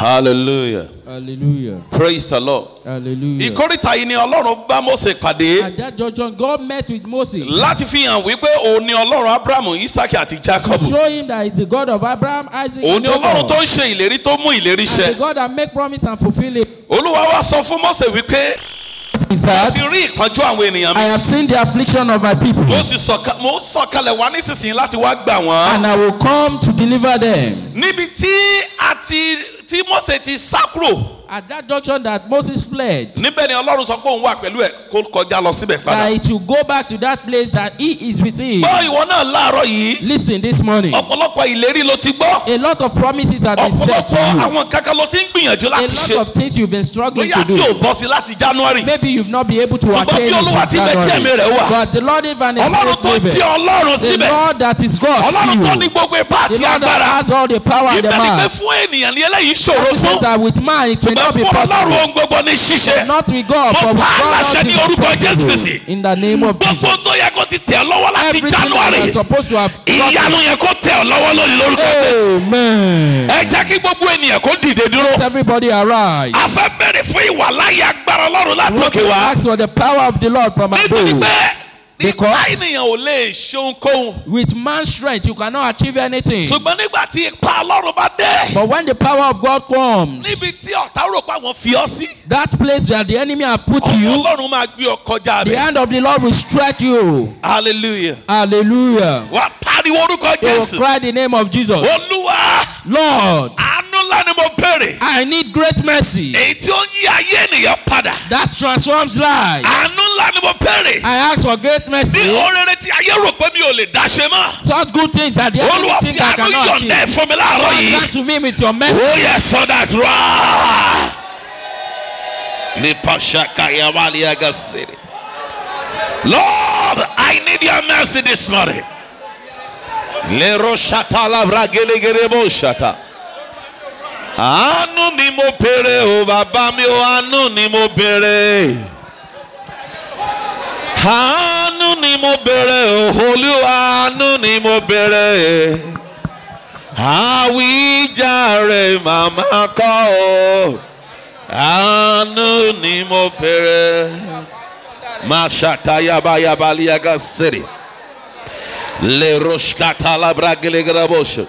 hallelujah. hallelujah. praise the lord. hallelujah. ìkórìtà yìí ni ọlọ́run bá Mósè pàdé. at that junction God met with Moses. láti fi hàn wípé òun ni ọlọ́run Abrahamu Isaki àti Jacob. to show him that he is the God of Abraham Isaac and Jacob. òun ni ọlọ́run tó ń ṣe ìlérí tó mú ìlérí ṣẹ. and the God that make promise and fulfil it. olúwa wá sọ fún Mósè wípé is I have seen the affliction of my people. Mo sì sọ̀ka mo sọ̀kalẹ̀ wá nísinsìnyí láti wá gbà wọ́n. And I will come to deliver them. Níbi tí a ti tí Mósè ti sá kúrò At that junction that Moses fled. Níbẹ̀ ni Ọlọ́run sọ pé òun wà pẹ̀lú ẹ̀ kó kọjá lọ síbẹ̀ padà. That he will go back to that place that he is with him. Gbọ́ ìwọ náà láàárọ̀ yìí. Listen this morning. Ọ̀pọ̀lọpọ̀ ìlérí ló ti gbọ́. A lot of promises have been set to you. Ọ̀pọ̀lọpọ̀ àwọn kankan ló ti ń gbìyànjú láti ṣe. A lot of things you have been struggling to do. Bóyá tí o bọ́ sí láti January. Maybe you have not been able to attain it since January. Ṣùgbọ́n bí Olúwa ti lè jẹ́ mi rẹ̀ wà. But the Lord even that is God The Lord that has all the power and the might not be possible. ọlọ́run ohun gbogbo ni ṣíṣe. God but with God. mo pa aláṣẹ ní orúkọ Jésù Kristi. in the name of Jesus. gbogbo tó yẹ kó ti tẹ̀ lọ́wọ́ láti January. is supposed to have. ìyanu yẹn kó tẹ̀ lọ́wọ́ lórí lórúkọ Jésù. ẹ jẹ́ kí gbogbo ènìyàn kó dìde dúró. let everybody arise. fún ìwàláyé agbára ọlọ́run látòkè wá. ask for the power of the Lord from above. nítorí pé. Because with man's strength you cannot achieve anything. ṣùgbọ́n nígbà tí ipa Ọlọ́run bá dé. but when the power of God comes. níbi tí ọ̀tá rò pé àwọn fi ọ́ sí. that place where the enemy have put you. Ọlọ́run máa gbé ọ kọjá rẹ̀. the hand of the Lord will stretch you. hallelujah. hallelujah. wà á pariwo orúkọ Jésù. they will cry the name of Jesus. Olúwa. Lord. I need great mercy. èyí tí ó ń yí ayé ènìyàn padà. that transforms life. àánú ńlá ni mo béèrè. I ask for great mercy. Ní oore tí ayé rò pé mi ò lè dá mọ́. Such good things that the enemy think I cannot achieve. Olúwa fi àánú yọ̀ǹda fún mi láàárọ̀ yìí. God grant to me with your mercy. Oh yes, so that right. Lord, I need your mercy this morning. Lero shata labra gelegere bo shata. Àánú ni mo béèrè o bàbá mi o anu ni mo béèrè àánú ni mo béèrè Olúwa àánú ni mo béèrè àwíjàre màmá kọ́ ọ́ àánú ni mo béèrè mashata yaba yaba liaga siri le roshkata labra gelegera bosho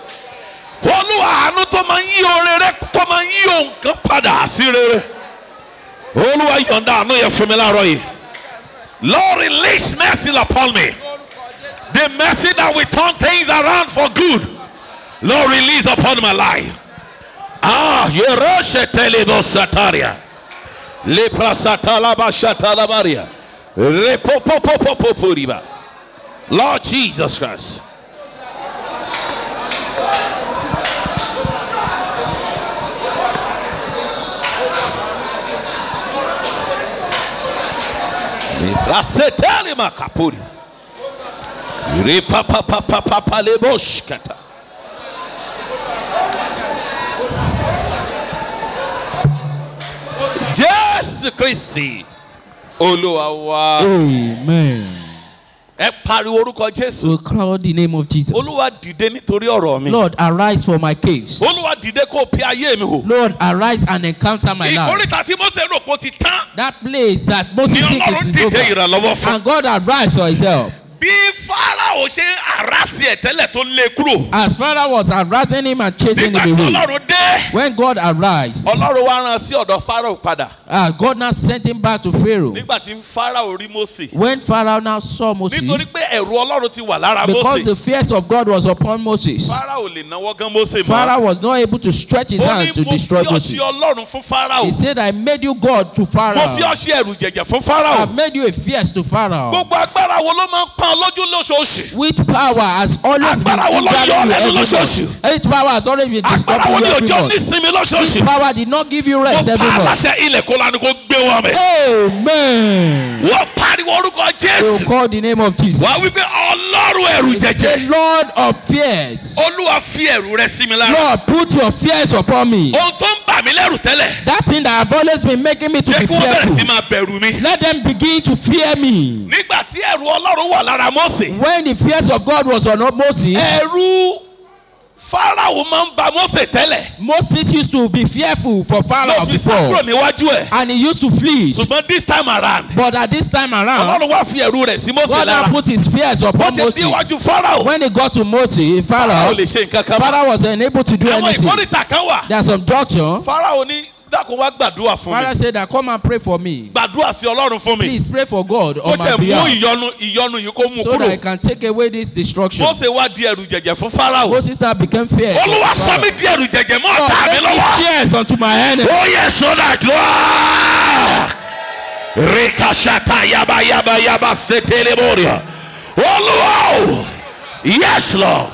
Olúwa àánú tó máa ń yí oore rẹ tó máa ń yí òǹkan padà sí rere Olúwa yọ̀ǹda àánú yẹn fún mi láàárọ̀ yìí. Lord, release mercy upon me. The mercy that will turn things around for good. Lord, release upon my life. Ah, Yeroshe Telebo Sataria. Lepra Satalaba Shatalabaria. Repopopopopopuriba. Lord Jesus Christ. aseteli makapuri ripapapapapaleboshkata jésù amen. ẹ pariwo orúkọ jésù. will crowd the name of jesus. olúwa dìde nítorí ọ̀rọ̀ mi. lord arise for my case. olúwa dìde kó o pe ayé mi wò. lord arise and encounter my life. ìkórìtà tí mose rò kó ti tán. that place that moses think it is over. ni ọlọ́run dìde ìrànlọ́wọ́ fún. and god arise for Himself bí farao ṣe arásí ẹ tẹ́lẹ̀ tó lé kúrò. as farao was arousing him and chasing him away. nígbà tí ọlọ́run dé. when God arise. ọlọ́run wá rán sí ọ̀dọ̀ farao padà. ah God now sent him back to Pharaoh. nígbà tí farao rí Mose. when farao now saw Moses. nítorí pé ẹ̀rù ọlọ́run ti wà lára Mose. because the fears of God was upon Moses. farao lè náwó gan Mose mọ́. farao was not able to stretch his hand to destroy Moses. ó ní mo fi ọṣẹ ọlọ́run fún farao. he said I made you God to farao. mo fi ọṣẹ ẹ̀rù jẹ̀jẹ̀ fún farao. I made you a fierce to farao. gbogbo agbára wo ló máa ń pọ́n lójú lóṣooṣù. which power has always been given to every month. which power has always been disturbed you every month. which power did not give you rest every month. mo pa aláṣẹ ilẹ̀ kó lanu kó gbé wọn mẹ́. amen. wọ́n pariwo orúkọ Jésù. they oh, call the name of Jesus. wàá wípé ọlọ́run ẹ̀rù jẹjẹ. he say lord of fears. olúwa fi ẹ̀rù rẹ sí mi lára. lord put your fears upon me. ohun tó ń bà mí lẹ́rù tẹ́lẹ̀. that thing that have always been making me to be fearful. jẹ́ kí wọ́n bẹ̀rẹ̀ sí máa bẹ̀rù mi. let them begin to fear me. nígbà tí ẹ̀rù ọlọ́run wà lára ara Mósè. when the fears of God was on Moses. ẹ̀rù Pharaoh máa ń ba Mósè tẹ́lẹ̀. Moses used to be fearful for Pharaoh Moses before. Moses kúrò níwájú ẹ̀. and he used to flee. ṣùgbọ́n this time around. but at this time around. Ọlọ́run wá fi ẹ̀rù rẹ̀ sí Mósè lára. God now put his fears upon Moses. wọ́n ti dé when he got to Moses Pharaoh. Pharaoh lè ṣe nǹkan kan. Pharaoh was unable to do anything. àwọn ìkórìtà kan wà. there are some doctrine. Pharaoh ní dákun wá gbàdúrà fún mi. Father said that come and pray for me. gbàdúrà sí Ọlọ́run fún mi. please pray for God on my behalf. kó ṣe mú ìyọnu ìyọnu yìí kó mú kúrò. so that I can take away this destruction. Mósè wá di ẹrù jẹ̀jẹ̀ fún Pharaoh. Moses that became fair. Olúwa sọ mi di ẹrù jẹ̀jẹ̀ mọ́ ọ̀tá mi lọ́wọ́. God make me fears unto my enemy. ó oh yẹ sọ́dà dùn. Rikashata yaba yaba yaba seteleboria. Olúwa o. Yes Lord.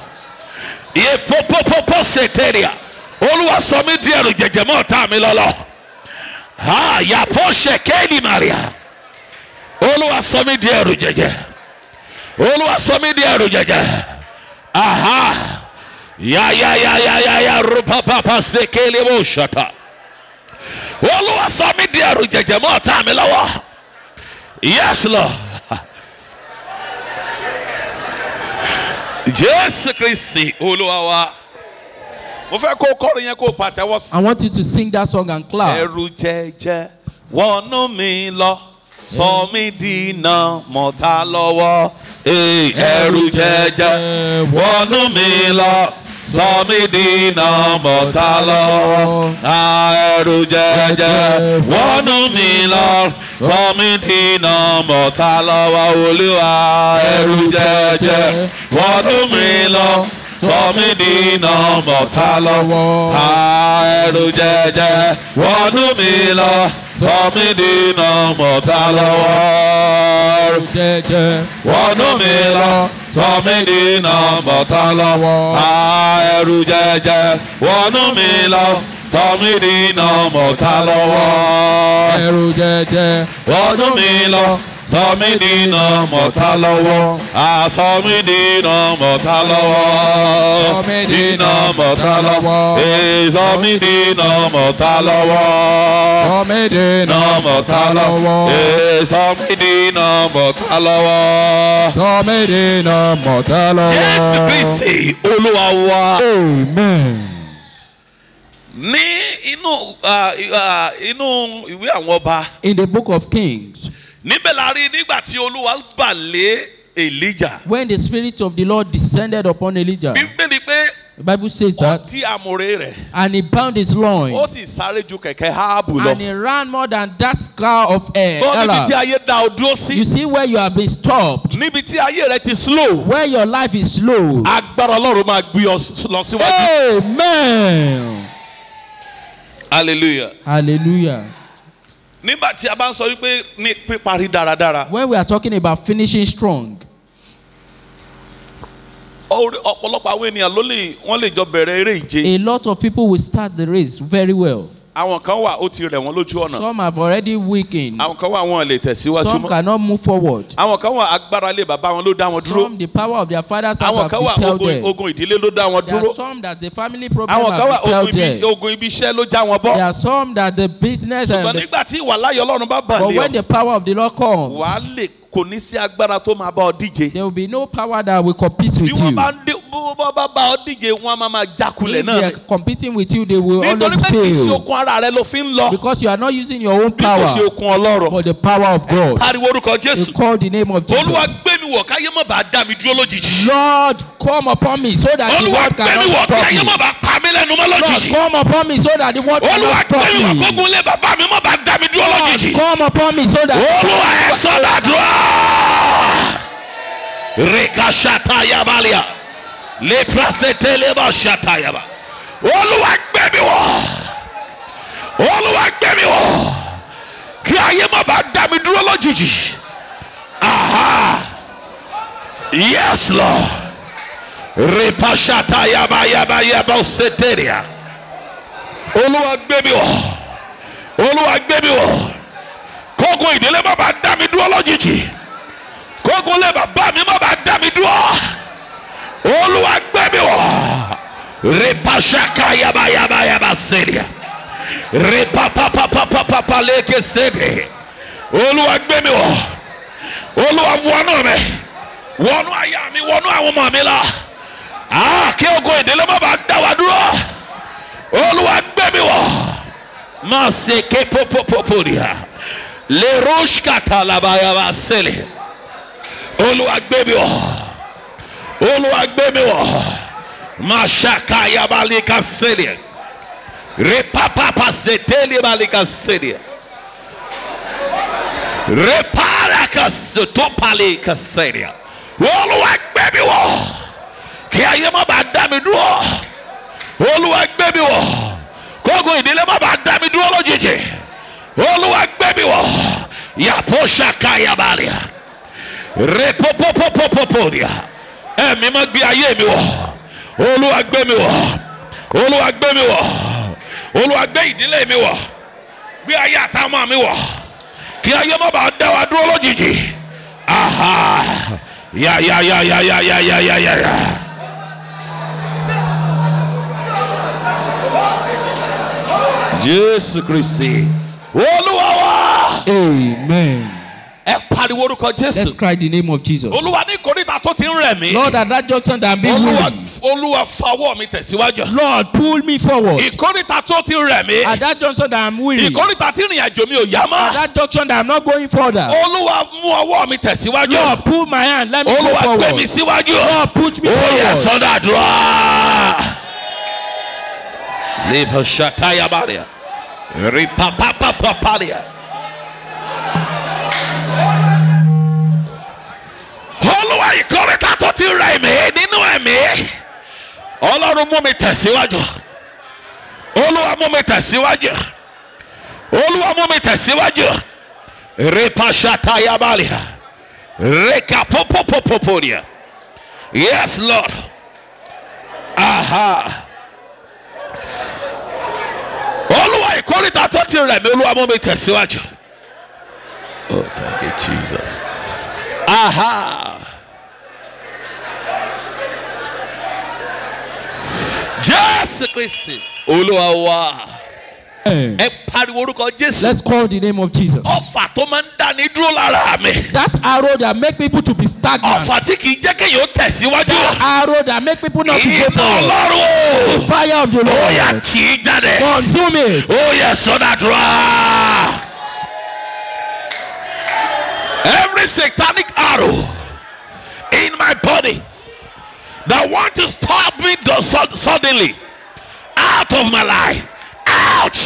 Ye popopopo setelia olúwa sọ mí di ẹrù jẹjẹ mọ́ ọ̀tá mi lọ́lọ́ àyàfọ́ ṣẹ̀kẹ́ẹ̀lì màríà olúwa sọ mí di ẹrù jẹjẹ olúwa sọ mí di ẹrù jẹjẹ aha yayayayaya rupapapa sekele bó ṣọta olúwa sọ mí di ẹrù jẹjẹ mọ́ ọ̀tá mi lọ́wọ́ yes lord jésù kristi olúwa wa mo fẹ́ kó kọrin yẹn kó pàtẹ́wọ́ sí. I want you to sing that song and clap. ẹ̀rù jẹ̀jẹ̀ wọnú mi lọ sọ mí dínà mọ́ta lọ́wọ́ ẹ̀rù jẹ̀jẹ̀ wọnú mi lọ sọ mí dínà mọ́ta lọ́wọ́ ẹ̀rù jẹ̀jẹ̀ wọnú mi lọ sọ mí dínà mọ́ta lọ́wọ́ olúwa ẹ̀rù jẹ̀jẹ̀ wọnú mi lọ kọ́mídìínà mọ̀tá lọ́wọ́ àẹrù jẹjẹ wọnú mi lọ kọ́mídìínà mọ̀tá lọ́wọ́ àẹrù jẹjẹ wọnú mi lọ kọ́mídìínà mọ̀tá lọ́wọ́ àẹrù jẹjẹ wọnú mi lọ kọ́mídìínà mọ̀tá lọ́wọ́ àẹrù jẹjẹ wọnú mi lọ sọmídìínà mọ̀tá lọ́wọ́ àsọmídìínà mọ̀tá lọ́wọ́ sọmídìínà mọ̀tá lọ́wọ́ ee sọmídìínà mọ̀tá lọ́wọ́ sọmídìínà mọ̀tá lọ́wọ́ ee sọmídìínà mọ̀tá lọ́wọ́ sọmídìínà mọ̀tá lọ́wọ́. jésù kristi olúwa wa. amen ní inú inú ìwé àwọn ọba. in the book of kings níbẹ̀ la rí nígbà tí olúwa gbà lé Elijah. when the spirit of the Lord descended upon Elijah. bíbélì pé The Bible says that. Ó ti àmùrè And he bound his loins. Ó sì sáré ju kẹ̀kẹ́ Háàbù lọ. And he ran more than that car of air. Lọ níbi tí ayé dá o sí. You see where you have been stopped. Níbi tí ayé rẹ ti slow. Where your life is slow. Agbára Ọlọ́run máa gbé ọ lọ síwájú. Amen. Hallelujah. Hallelujah nígbà tí a bá ń sọ wípé ní píparí dáradára. when we are talking about finishing strong. ọ̀pọ̀lọpọ̀ àwọn ènìyàn ló lè wọ́n lè jọ bẹ̀rẹ̀ eré ìje. a lot of people will start the race very well àwọn kan wà ó ti rẹ̀ wọ́n lójú ọ̀nà. some have already weakened. àwọn kan wà wọn lè tẹ̀síwájú mọ́. some cannot move forward. àwọn kan wà agbára lè bàbá wọn ló dá wọn dúró. some the power of their fathers have been tell them. àwọn kan wà ogun ìdílé ló dá wọn dúró. there are some that the family problem have been tell them. àwọn kan wà ogun ibi iṣẹ́ ló já wọn bọ́. there are some that the business. ṣùgbọ́n nígbà tí ìwà ọlọ́run bá bàlẹ́ o. but when the power of the Lord comes. wàá lè kò ní sí agbára tó máa bá ọ díje. there will be no power that will compete with you. bí wọ́n bá dé bọ́ bá bá ọ díje wọn a máa jákulẹ̀ náà. if they are competing with you they will always fail. nítorí pé kì í ṣe okun ara rẹ ló fi ń lọ. because you are not using your own power. bí kò ṣe okun ọlọ́rọ̀. but the power of God. pariwo orúkọ Jésù. you call the name of Jesus. Olúwa gbé mi wọ̀ káyé má bàa dá mi dúró lójijì. Lord come upon me so that the world cannot stop me. Olúwa gbé mi wọ̀ káyé má bàa pa mí lẹ́nu mọ́ lójijì. Lord come upon me so that the world cannot stop me. Olúwa gbé mi wọ̀ kógun lé bàbá mi má bàa dá mi dúró lójijì. Lord come upon me so that. Olúwa ẹ sọ́dà dúró. Rikashata yabalia. Leprasete leba shata yaba. Olúwa gbé mi wọ̀. Olúwa gbé mi wọ̀. Kí ayé má bàa dá mi dúró lójijì. Aha. Yes, Lord. Repashata yaba yaba yaba seteria. Olúwa gbé mi wọ̀. Olúwa gbé mi wọ̀. Kókó ìdílé má bàa dá mi dúró lójijì. Kókó lè bàbá mi má bàa dá mi dúró. Olúwa gbé mi wọ̀. Repashaka yaba yaba yaba seteria. Repapapapapapa leke sebe. Olúwa gbé o. wọ̀. Olúwa wọnú wọnú àyà mi wọnú àwọn ọmọ mi la kí ogo ìdílé má bàa dá wa dúró olúwa gbé mi wọ̀ má ṣe ké pópópópó rí ha lè rúṣkà tá labayaba sílẹ̀ olúwa gbé mi wọ̀ olúwa gbé mi wọ̀ má ṣàkà yabalika sílẹ̀ rè pápápá sètélé balika sílẹ̀ rè pàràkà sètó palika sílẹ̀ olúwa gbé mi wọ̀ kí ayé má bàa dá mi dúró olúwa gbé mi wọ̀ kógo ìdílé má bàa dá mi dúró lójijì olúwa gbé mi wọ̀ yàtọ̀ ṣàkà yabalẹ̀ rẹ pọpọpọpọpọ ni ẹ̀mí má gbé ayé mi wọ̀ olúwa gbé mi wọ̀ olúwa gbé mi wọ̀ olúwa gbé ìdílé mi wọ̀ gbé ayé àtàwọn mi wọ̀ kí ayé má bàa dá wa dúró lójijì aha. Yeah, yeah, yeah, yeah, yeah, yeah, yeah, yeah, yeah, yeah. Jésù Kristi. Olúwa Amen. Ẹ pariwo orúkọ Jésù. Let's cry the name of Jesus. Olúwa ní ìkórìtà tó ti ń rẹ̀ mí. Lord, at that junction that I'm being weary. Olúwa Olúwa fawọ́ mi tẹ̀síwájú. Lord pull me forward. Ìkórìtà tó ti rẹ̀ mí. At that junction that I'm weary. Ìkórìtà tí ìrìn àjò mi ò yá mọ́. At that junction that I'm not going further. Olúwa mú ọwọ́ mi tẹ̀síwájú. Lord pull my hand let me go forward. Olúwa gbé mi síwájú. Lord push me forward. Ó yẹ sọ́dọ̀ àdúrà. Lepo shataya baria. Ripapapapaparia. Olúwa ìkórìtà tó ti rẹ̀ mí nínú ẹ̀mí. ọlọ́run mú mi tẹ̀síwájú olúwa mú mi tẹ̀síwájú olúwa mú mi tẹ̀síwájú repasata yabalia reka popopopoporia yes lord aha olúwa ìkórìtà tó ti rẹ̀ mí olúwa mú mi tẹ̀síwájú oh thank you jesus aha. Jésù Kristi. Olúwa wa. Ẹ pariwo orúkọ Jésù. Let's call the name of Jesus. Ọ̀fà tó máa ń dání dúró lára mi. That arrow that make people to be stagnant. Ọ̀fà tí kì í jẹ́ kéèyàn tẹ̀síwájú. That arrow that make people not to go forward. Iná Ọlọ́run o. The fire of the Lord. Ó yà í jáde. Consume it. Ó yẹ sọ́dà Every satanic arrow in my body that want to stop me suddenly out of my life. Ouch!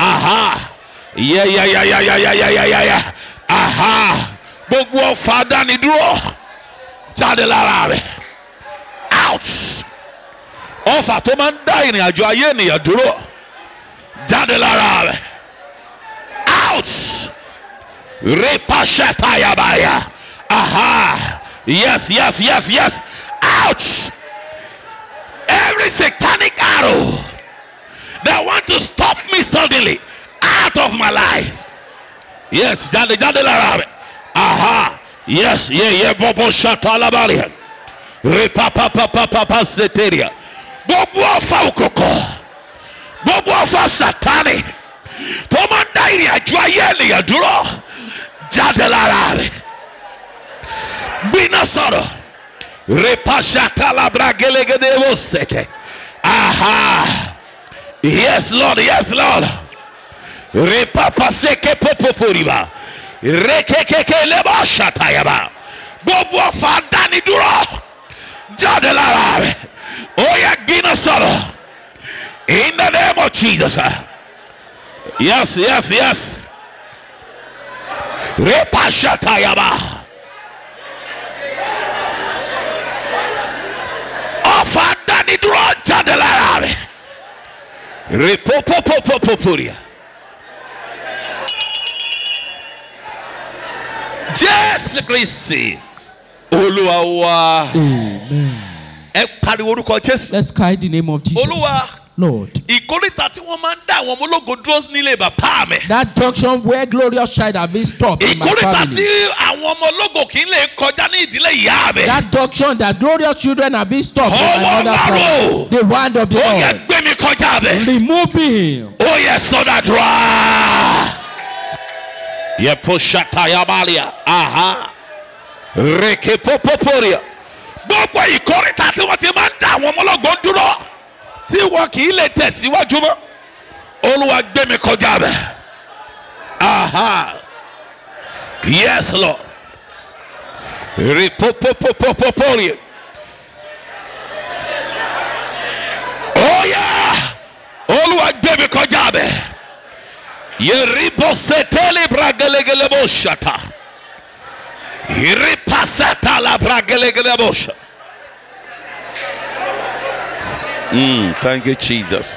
Aha! Yeah, yeah, yeah, yeah, yeah, yeah, yeah, yeah, yeah, yeah. Aha! Gbogbo ọ̀fà dánidúró jáde lára rẹ̀. Out! Ọ̀fà tó máa ń dá ìrìn àjò ayé ènìyàn dúró jáde lára rẹ̀. Out! Ripasẹ̀ tayabaya. Aha! Yes, yes, yes, yes. Ouch! every satanic arrow that want to stop me suddenly out of my life. Yes, jade jade larabe. Aha. Yes, yeah, yeah, bobo pa pa papa papa seteria. Bobo koko. Bobo fa satani. Tomandairi ajuayeli duro. Jade larabe. Binasoro. Aha. Yes, Lord. Yes, Lord. popo furiba. Rekekeke leba shatayaba. yaba. Bobo dánidúró jáde lára rẹ̀. Ó yẹ gíná sọ̀rọ̀. In the name of Jesus. Yes, yes, yes. Repa yaba. ni dúró jáde lára rẹ̀ repopopopoporia Jésù Kristi Olúwa wa ẹ pariwo orúkọ Jésù. Let's cry the name of Jesus. Olúwa. Lord. Ìkórìtà tí wọ́n máa ń dá àwọn ọmọ ológo dúró nílé bàbá mi. That junction where glorious child have been stopped in my family. Ìkórìtà tí àwọn ọmọ ológo kì í lè kọjá ní ìdílé ìyá mi. That junction that glorious children have been stopped oh, in my mother family. The wand of the Lord. Ó yẹ gbé mi kọjá bẹ̀. Remove me. Ó yẹ dùrà. Yẹ fún ṣàtàyàmálìyà. Aha. Rèké pópópóríà. Gbogbo ìkórìtà tí wọ́n ti máa ń dá àwọn ọmọ ológo dúró tí wọn kì í lè tẹ̀síwájú mọ́ olúwa gbé mi kọjá bẹ̀ aha yes lord ripopopopopori oya oh, olúwa gbé mi kọjá bẹ̀ yeribosete libra gelegelebo shata iripasata labra gelegelebo shata. Mm, thank you, Jesus.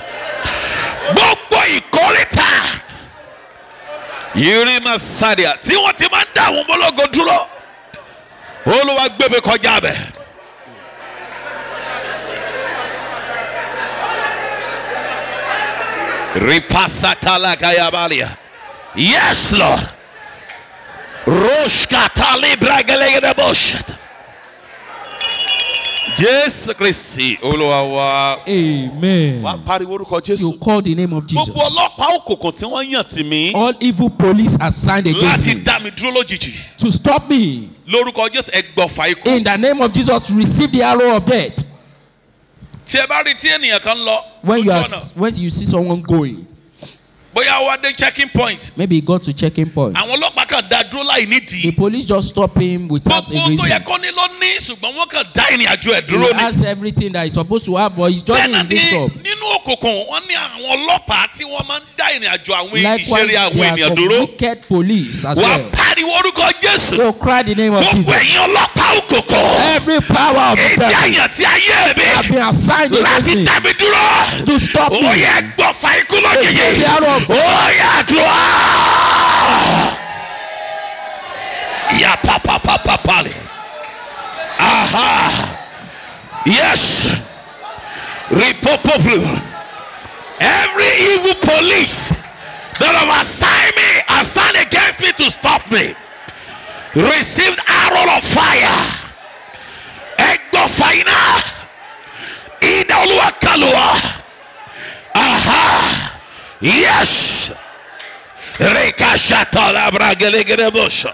Gbogbo ìkórìtà yìrì máa sáré à tí wọ́n ti máa ń dá àwọn ọmọlógo dúró Olúwa gbèbè kọjá bẹ̀. Ripasatalakayabalia. Yes, Lord. Roshkatalibragelegedebushata. Jésù Kristi Olúwa wa. Amen. Wàá pariwo orúkọ Jésù. You call the name of Jesus. Gbogbo ọlọ́pàá òkùnkùn tí wọ́n yàn tì mí. All evil police are signed against me. Láti dá mi dúró lójijì. To stop me. Lórúkọ Jésù ẹgbọ̀fà ikú. In the name of Jesus receive the arrow of death. Tí ẹ bá rí tí ènìyàn kan lọ. When you are when you see someone going. Bóyá wá dé checking point. Maybe he got to checking point. Àwọn ọlọ́pàá kan dá dúró láì nídìí. The police just stop him without a reason. Gbogbo tó yẹ kó ní ló ní ṣùgbọ́n wọ́n kàn dá ìrìn àjò ẹ̀ dúró ni. he has everything that he supposed to have but his journey is this up. nínú òkùnkùn wọ́n ní àwọn ọlọ́pàá tí wọ́n máa ń dá ìrìn àjò àwọn ìṣeré àwọn ènìyàn dúró. likewise they are wicked police as well. wà á pariwo orúkọ Jésù. go cry the name of Jesus. gbogbo ẹ̀yin ọlọ́pàá òkùnkùn. every power of the devil. ìdí àyàn tí ayé mi. have been assigned against me. láti dá dúró. to stop me. ó gbọ̀fà ikú lójijì. Aha. Yes. Ripopoplu. Every evil police that have assigned me, assigned against me to stop me, received arrow of fire. Egbo faina. Idolua kalua. Aha. Yes. Rekashatala bragelegerebosha.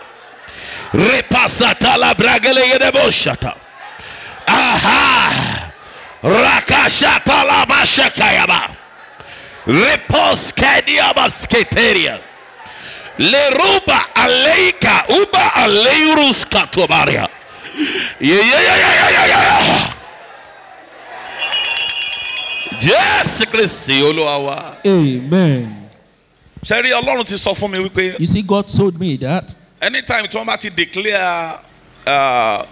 Repasatala bragelegerebosha. Aha! Rakashata la mashekayaba. Repos kadiabas keteria. Leruba aleika uba aleirus katobaria. Yeah, yeah, yeah, yeah, yeah, yeah. Jésù Kristi Olúwa Amen. Ṣé rí Ọlọ́run ti sọ fún mi wípé. You see God told me that. Anytime tí wọ́n bá ti declare. Uh,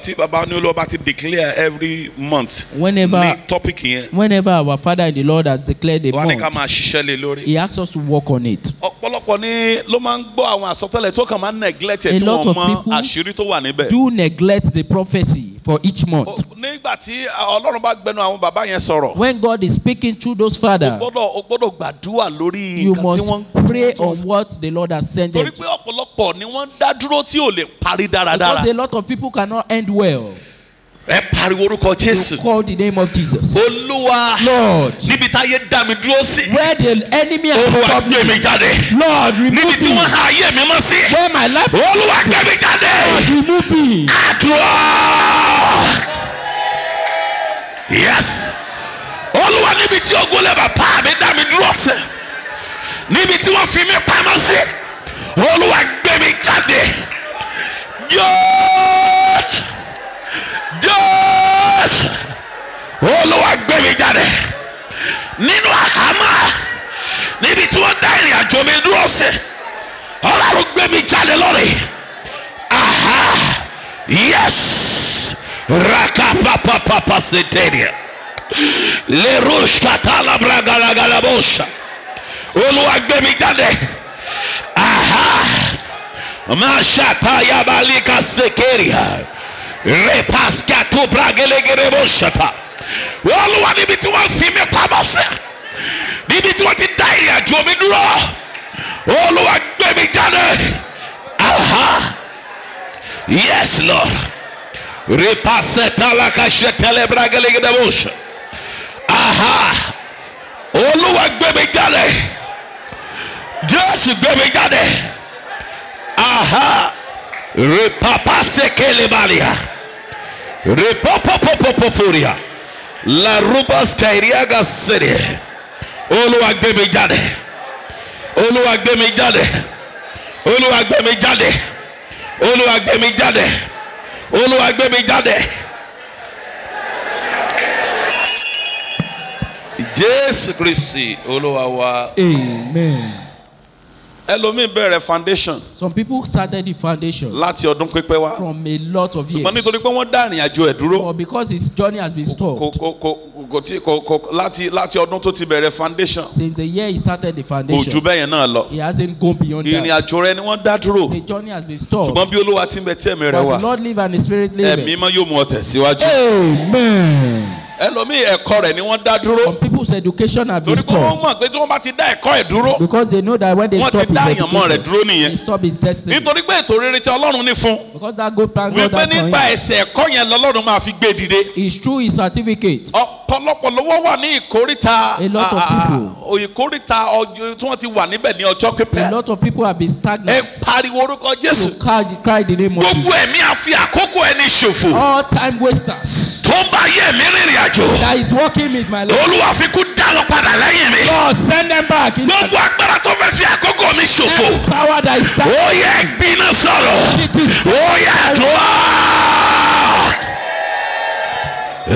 tí baba ní olúwa bá ti declare every month. whenever ní topic yẹn. whenever our father in the lord has declared a month. wà ní ká máa ṣiṣẹ́ lé lórí. he asks us to work on it. ọ̀pọ̀lọpọ̀ ni ló máa ń gbọ́ àwọn àsọtẹ́lẹ̀ tó kàn máa ń neglect ẹ̀ tí wọ́n mọ àṣírí tó wà níbẹ̀. do neglect the prophecy for each month. nígbà tí ọlọ́run bá gbẹnu àwọn bàbá yẹn sọ̀rọ̀. when God is speaking through those fathers. o gbọ́dọ̀ o gbọ́dọ̀ gbàdúrà lórí you must pray on what the lord has sent them to. torí pé ọ̀pọ̀lọpọ̀ ọ̀pọ̀ ni wọ́n dá dúró tí ò lè parí dáradára. because a lot of people cannot end well. ẹ pariwo orúkọ jésù. you call the name of jesus. olúwa lord níbi táyé dá mi dúró sí. where the enemy has stopped me. olúwa gbé mi jáde. lord remove me. níbi tí wọ́n ha ayé mi mọ́ sí. where my life is. olúwa gbé mi jáde. lord remove me. àdúrà. yes olúwa níbi tí ogun lè bàbá mi dá mi dúró sí níbi tí wọ́n fi mí pamọ́ sí olúwa gbé mi jáde jọ́ọ́sì jọ́ọ́sì olúwa gbé mi jáde nínú àhámọ́ níbi tí wọ́n dá ìrìn àjò mi dúró sí ọlọ́run gbé mi jáde lónìí aha yes rakapapapa seteria lerush katalabra galagalabosha olúwa gbé mi jáde mashata yabalika sekeria repaska tó bragelegere bó ṣata olúwa níbi tí wọ́n fi mí pamọ́ sí níbi tí wọ́n ti dá ìrìn àjò mi dúró Oluwa gbé mi jáde aha yes lord repaseta lakasẹ tẹlẹ bragelegere bó aha Oluwa gbé mi jáde jésù gbé mi jáde. Aha. Repapa sekelebalia. Repopopopoporia. La rubas kairiaga sede. Olúwa gbé mi jáde. Olúwa gbé mi jáde. Olúwa gbé mi jáde. Olúwa gbé mi jáde. Olúwa gbé Jésù Kristi Olúwa wa. Amen ẹlòmíì bẹ̀rẹ̀ foundation. some people started the foundation. láti ọdún pípẹ́ wá. from a lot of years. ṣùgbọ́n nítorí pé wọ́n dá ìrìn ẹ̀ dúró. but because his journey has been stopped. kò kò kò kò tí kò kò láti láti ọdún tó ti bẹ̀rẹ̀ foundation. since the year he started the foundation. kò ju bẹ́yẹn náà lọ. he hasn't gone beyond that. ìrìn rẹ ni wọ́n dá dúró. the journey has been stopped. ṣùgbọ́n bí olúwa ti ń bẹ tí ẹ̀mí rẹ wà. but the lord live and the spirit live. ẹ̀mí mọ́ yóò mú ọ tẹ̀síwájú. amen ẹlòmíì ẹ̀kọ́ rẹ̀ ni wọ́n dá dúró. some people's education have been stopped. torí pé wọ́n mọ̀ pé tí wọ́n bá ti dá ẹ̀kọ́ ẹ̀ dúró. because they know that when they stop his education. wọ́n ti dá àyànmọ́ rẹ̀ dúró nìyẹn. he stop his destiny. nítorí pé ètò rere tí Ọlọ́run ní fún. because that good plan God has for him. wípé nípa ẹsẹ̀ ẹ̀kọ́ yẹn lọ́lọ́run máa fi gbé dìde. it's true his certificate. ọ̀pọ̀lọpọ̀ ló wọ́n wà ní ìkórìtà. a lot of people. ìkórìtà ọjọ́ tí wọ́n ti wà níbẹ̀ ní ọjọ́ pípẹ́. a lot of people have been stagnant. ẹ pariwo orúkọ Jésù. you cry the name of Jesus. gbogbo ẹ̀mí àfi àkókò ẹni ṣòfò. all time wasters tó bá yẹ mi rìnrìn àjò. that is working with my life. olúwa fi kú dá wọn padà lẹ́yìn mi. lord send them back. gbogbo agbára tó fẹ́ fi àkókò mi ṣòfò. every power that is tied. ó yẹ gbiná sọ̀rọ̀. ó yẹ tó a.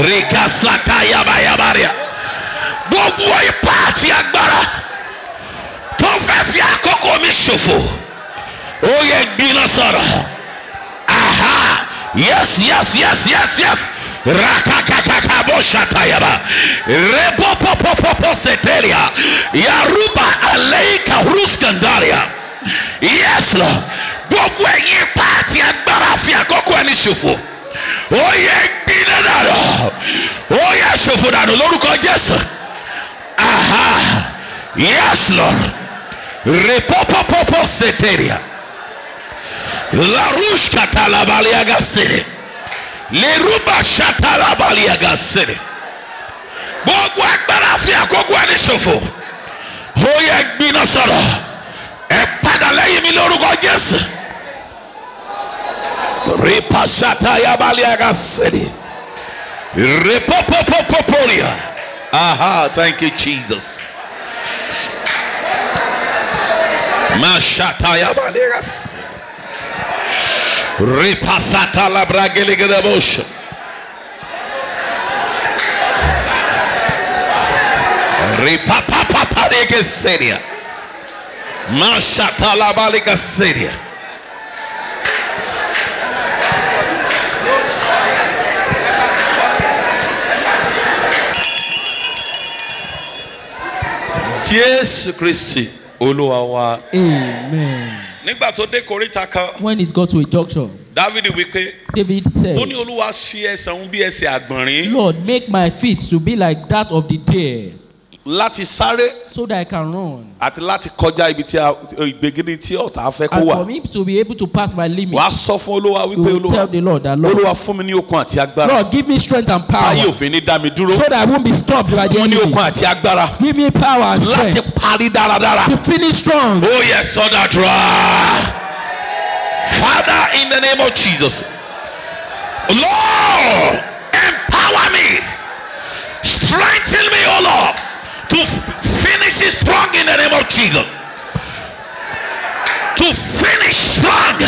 rikasata yabayabaria. gbogbo ipá àti agbára tó fẹ́ fi àkókò mi ṣòfò. ó yẹ gbiná sọ̀rọ̀. aha yes yes yes yes yes. rakakakakaboshatayaba repopopopoposeteria yaruba aleika ruskandaria yes lord gbogbo ẹ̀yin paati agbára fi àkókò ẹni ṣòfò oye yẹ dano dànù ó yẹ ṣòfò dànù lórúkọ jésù aha yes repopopoposeteria larushkatalabaliagasere. lèrúbà ṣàtàlábàlì àgàsẹ̀rẹ̀ gbogbo agbára fi àkókò ẹni ṣòfò ó yẹ gbiná sọ̀rọ̀ ẹ padà lẹ́yìn mi lórúkọ Jésù rípa bali àgàsẹ̀rẹ̀ rìpọ́pọ́pọ́pọ́pọ́rìà aha thank you Jesus máa bali àgàsẹ̀rẹ̀. Ripasata la brageligedebosha. Ripapapaparigeseria. Mashata la baligaseria. Jésù Kristi Olúwa wa. Amen. nígbà tó dé koríta kan. when it got to a junction. David wípé. David said. ó ní olúwa ṣe ẹsẹ̀ òun bí ẹsẹ̀ àgbọ̀nrín. Lord make my feet to be like that of the deer láti sáré. so that I can run. àti láti kọjá ibi tí a ìgbégídé tí ọ̀tá fẹ́ kó wà. and for me to be able to pass my limit. wàá sọ fún olúwa wípé olúwa will tell the lord lord. olúwa fún mi ní okun àti agbára. lord give me strength and power. táyé òfin ní dá mi dúró. so that I won't be stopped by the enemies. fún mi ní okun àti agbára. give me power and strength. láti parí dáradára. to finish strong. oh yes so that right. father in the name of jesus. lord empower me strengthen to finish it strong in the name of Jesus. To finish strong.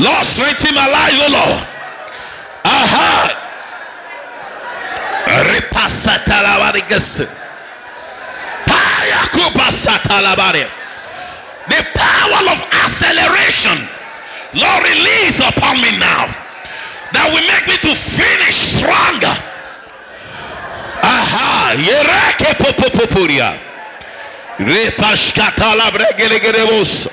Lord, strengthen my life, oh Lord. Aha. The power of acceleration, Lord, release upon me now that will make me to finish stronger. Aha, yereke popopopuria. Repashkatala bregelegeremos.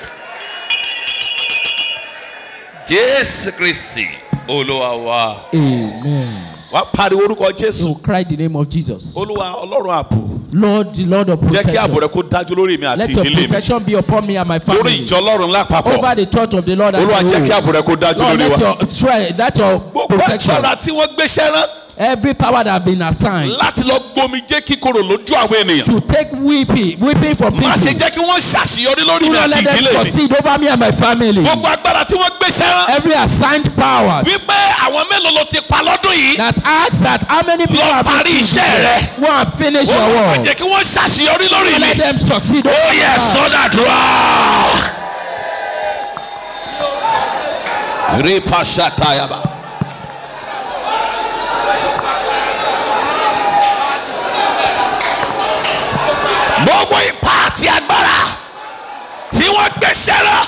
Jésù Kristi Olúwa wa. Amen. Wàá pariwo orúkọ Jésù. You cry the name of Jesus. Oluwa, Ọlọ́run ààbò. Lord the Lord of protection. Jẹ́ kí ààbò rẹ kó dájú lórí mi àti ìdílé mi. Let your protection be upon me and my family. Lórí ìjọ Ọlọ́run lápapọ̀. Over the church of the Lord as a whole. Olúwa jẹ́ kí ààbò kó dájú lórí wa. Lord let your strength that your protection. Gbogbo ìṣọ́ra tí wọ́n gbéṣẹ́ rán every power that has been assigned. láti lọ gbomi jẹ́ kíkorò lójú àwọn ènìyàn. to take weeping weeping for people. má ṣe jẹ́ kí wọ́n ṣàṣeyọrí lórí mi àti ìdílé mi. do not let them succeed over me and my family. gbogbo agbára tí wọ́n gbé ṣẹ́. every assigned power. wípé àwọn mélòó ló ti pa lọ́dún yìí. that asks that how many people have been parí iṣẹ́ rẹ. go and finish your work. ó má jẹ́ kí wọ́n ṣàṣeyọrí lórí mi. do not let them succeed over me. ó yẹ sọ́dà dùrọ̀. rí pàṣẹ àtàyàbá. gbogbo ipá àti agbára tí wọ́n gbéṣẹ́ lọ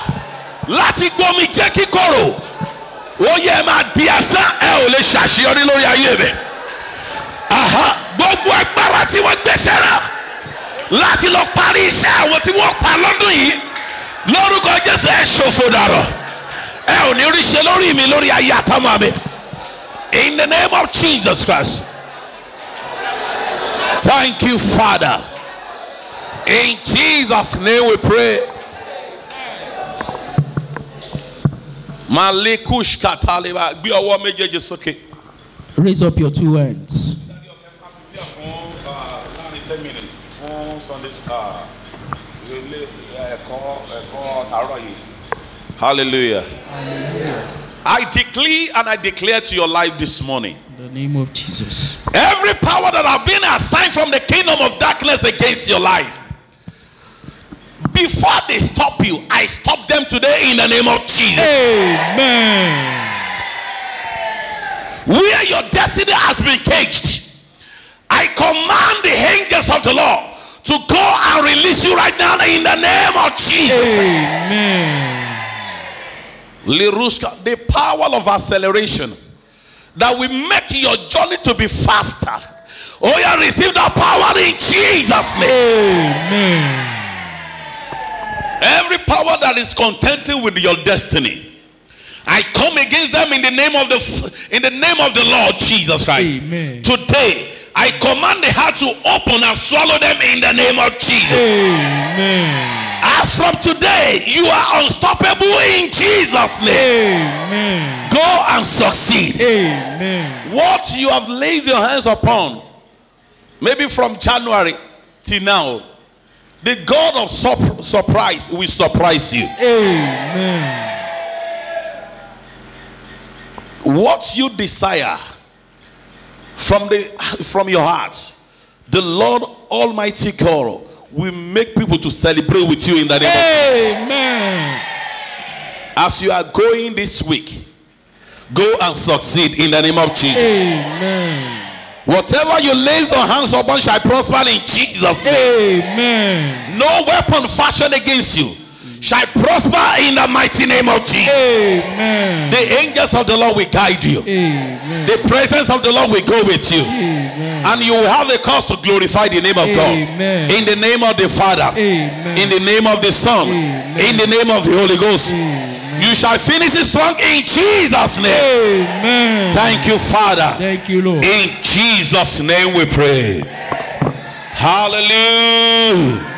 láti gbomi jẹ́ kíkorò ó yẹ máa di asán ẹ ò lè ṣàṣeyọrí lórí ayé mi gbogbo agbára tí wọ́n gbéṣẹ́ lọ láti lọ parí iṣẹ́ àwọn tí wọ́n pa lọ́dún yìí lórúkọ Jésù ẹ ṣòfò dàrọ̀ ẹ ò ní rí ṣe lórí mi lórí ayé àtọmọ mi in the name of Jesus Christ thank you Father. In Jesus' name we pray. Raise up your two hands. Hallelujah. Hallelujah. I declare and I declare to your life this morning. In the name of Jesus. Every power that have been assigned from the kingdom of darkness against your life. Before they stop you, I stop them today in the name of Jesus. Amen. Where your destiny has been caged, I command the angels of the Lord to go and release you right now in the name of Jesus. Amen. Lirushka, the power of acceleration that will make your journey to be faster. Oh, you receive that power in Jesus' name. Amen. Every power that is contending with your destiny. I come against them in the name of the in the name of the Lord Jesus Christ. Amen. Today, I command the heart to open and swallow them in the name of Jesus. Amen. As from today, you are unstoppable in Jesus' name. Amen. Go and succeed. Amen. What you have laid your hands upon, maybe from January till now, the God of surprise will surprise you. Amen. What you desire from the from your heart, the Lord Almighty God will make people to celebrate with you in the name Amen. As you are going this week, go and succeed in the name of Jesus. Amen. Whatever you lay your hands upon shall prosper in Jesus' name. Amen. No weapon fashioned against you shall prosper in the mighty name of Jesus. Amen. The angels of the Lord will guide you. Amen. The presence of the Lord will go with you. Amen. And you will have a cause to glorify the name of Amen. God. In the name of the Father. In the name of the Son. In the name of the Holy Ghost. You shall finish strong in Jesus' name. Amen. Thank you, Father. Thank you, Lord. In Jesus' name we pray. Hallelujah.